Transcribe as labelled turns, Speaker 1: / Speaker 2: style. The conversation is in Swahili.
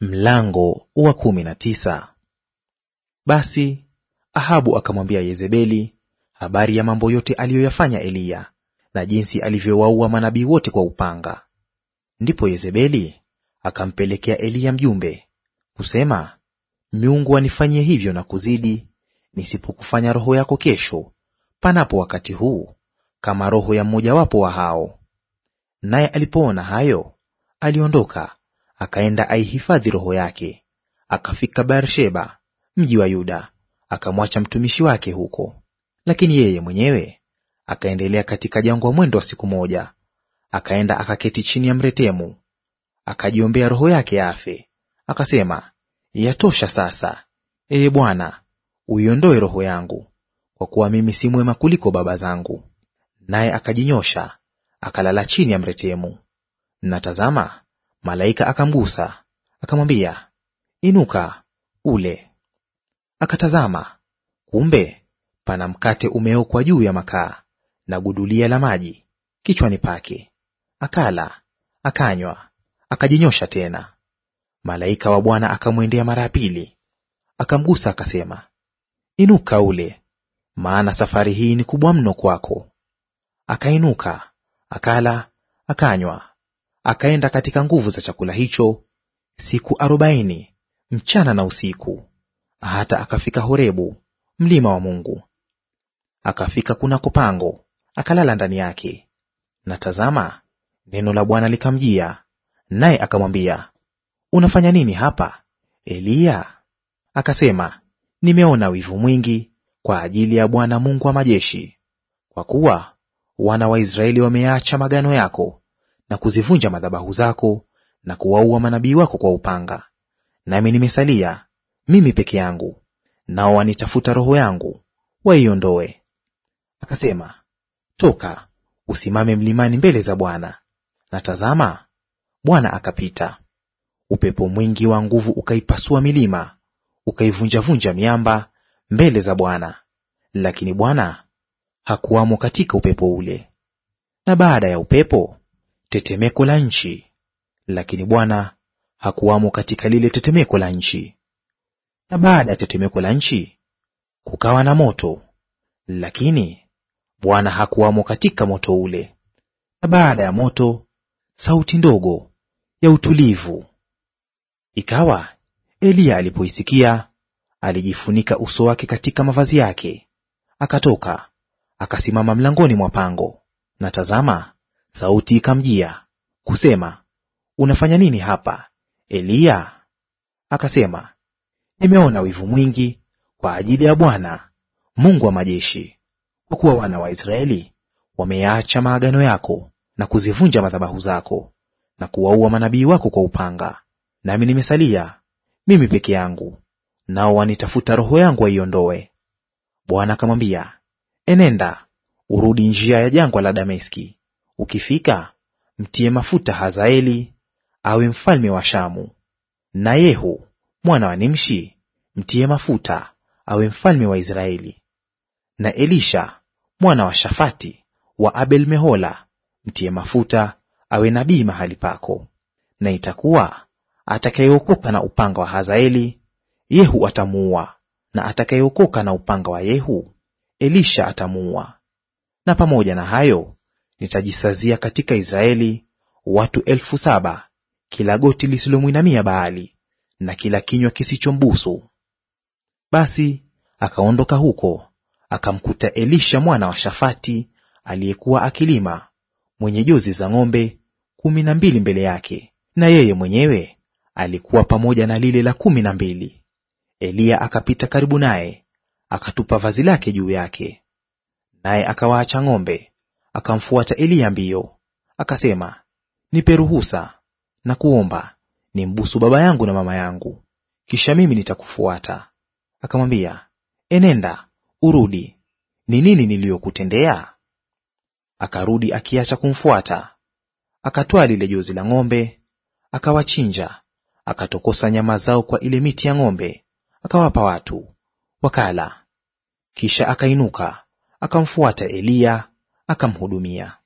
Speaker 1: Mlango wa kumi na tisa. Basi Ahabu akamwambia Yezebeli habari ya mambo yote aliyoyafanya Eliya na jinsi alivyowaua manabii wote kwa upanga. Ndipo Yezebeli akampelekea Eliya mjumbe kusema, Miungu anifanyie hivyo na kuzidi, nisipokufanya roho yako kesho panapo wakati huu, kama roho ya mmojawapo wa hao. Naye alipoona hayo, aliondoka akaenda aihifadhi roho yake. Akafika Beersheba, mji wa Yuda, akamwacha mtumishi wake huko. Lakini yeye mwenyewe akaendelea katika jangwa mwendo wa siku moja, akaenda akaketi chini ya mretemu, akajiombea roho yake afe. Akasema, yatosha sasa, Ee Bwana, uiondoe roho yangu, kwa kuwa mimi si mwema kuliko baba zangu. Naye akajinyosha akalala chini ya mretemu. Na tazama, Malaika akamgusa akamwambia, inuka ule. Akatazama, kumbe pana mkate umeokwa juu ya makaa na gudulia la maji kichwani pake. Akala akanywa, akajinyosha tena. Malaika wa Bwana akamwendea mara ya pili, akamgusa akasema, inuka ule, maana safari hii ni kubwa mno kwako. Akainuka akala akanywa, akaenda katika nguvu za chakula hicho siku arobaini mchana na usiku, hata akafika Horebu, mlima wa Mungu. Akafika kunako pango, akalala ndani yake. Na tazama, neno la Bwana likamjia, naye akamwambia, unafanya nini hapa, Eliya? Akasema, nimeona wivu mwingi kwa ajili ya Bwana Mungu wa majeshi, kwa kuwa wana wa Israeli wameacha magano yako na kuzivunja madhabahu zako na kuwaua manabii wako kwa upanga. Nami nimesalia mimi peke yangu, nao wanitafuta roho yangu waiondoe. Akasema, toka usimame mlimani mbele za Bwana. Na tazama, Bwana akapita, upepo mwingi wa nguvu ukaipasua milima, ukaivunjavunja miamba mbele za Bwana, lakini Bwana hakuwamo katika upepo ule. Na baada ya upepo tetemeko la nchi, lakini Bwana hakuwamo katika lile tetemeko la nchi. Na baada ya tetemeko la nchi kukawa na moto, lakini Bwana hakuwamo katika moto ule. Na baada ya moto sauti ndogo ya utulivu. Ikawa Eliya alipoisikia, alijifunika uso wake katika mavazi yake, akatoka akasimama mlangoni mwa pango, na tazama, Sauti ikamjia kusema, unafanya nini hapa, Eliya? Akasema, nimeona wivu mwingi kwa ajili ya Bwana Mungu wa majeshi, kwa kuwa wana wa Israeli wameacha maagano yako na kuzivunja madhabahu zako na kuwaua manabii wako kwa upanga, nami nimesalia mimi peke yangu, nao wanitafuta roho yangu waiondoe. Bwana akamwambia, enenda urudi njia ya jangwa la Dameski. Ukifika mtie mafuta Hazaeli awe mfalme wa Shamu, na Yehu mwana wa Nimshi mtie mafuta awe mfalme wa Israeli, na Elisha mwana wa Shafati wa Abel Mehola mtie mafuta awe nabii mahali pako. Na itakuwa atakayeokoka na upanga wa Hazaeli, Yehu atamuua, na atakayeokoka na upanga wa Yehu, Elisha atamuua. Na pamoja na hayo Nitajisazia katika Israeli watu elfu saba, kila goti lisilomwinamia Baali na kila kinywa kisichombusu. Basi akaondoka huko, akamkuta Elisha mwana wa Shafati aliyekuwa akilima, mwenye jozi za ng'ombe kumi na mbili mbele yake, na yeye mwenyewe alikuwa pamoja na lile la kumi na mbili. Eliya akapita karibu naye, akatupa vazi lake juu yake, naye akawaacha ng'ombe akamfuata Eliya mbio, akasema, nipe ruhusa na kuomba nimbusu baba yangu na mama yangu, kisha mimi nitakufuata. Akamwambia, enenda urudi, ni nini niliyokutendea? Akarudi akiacha kumfuata, akatwaa lile jozi la ng'ombe, akawachinja, akatokosa nyama zao kwa ile miti ya ng'ombe, akawapa watu wakala. Kisha akainuka akamfuata Eliya akamhudumia.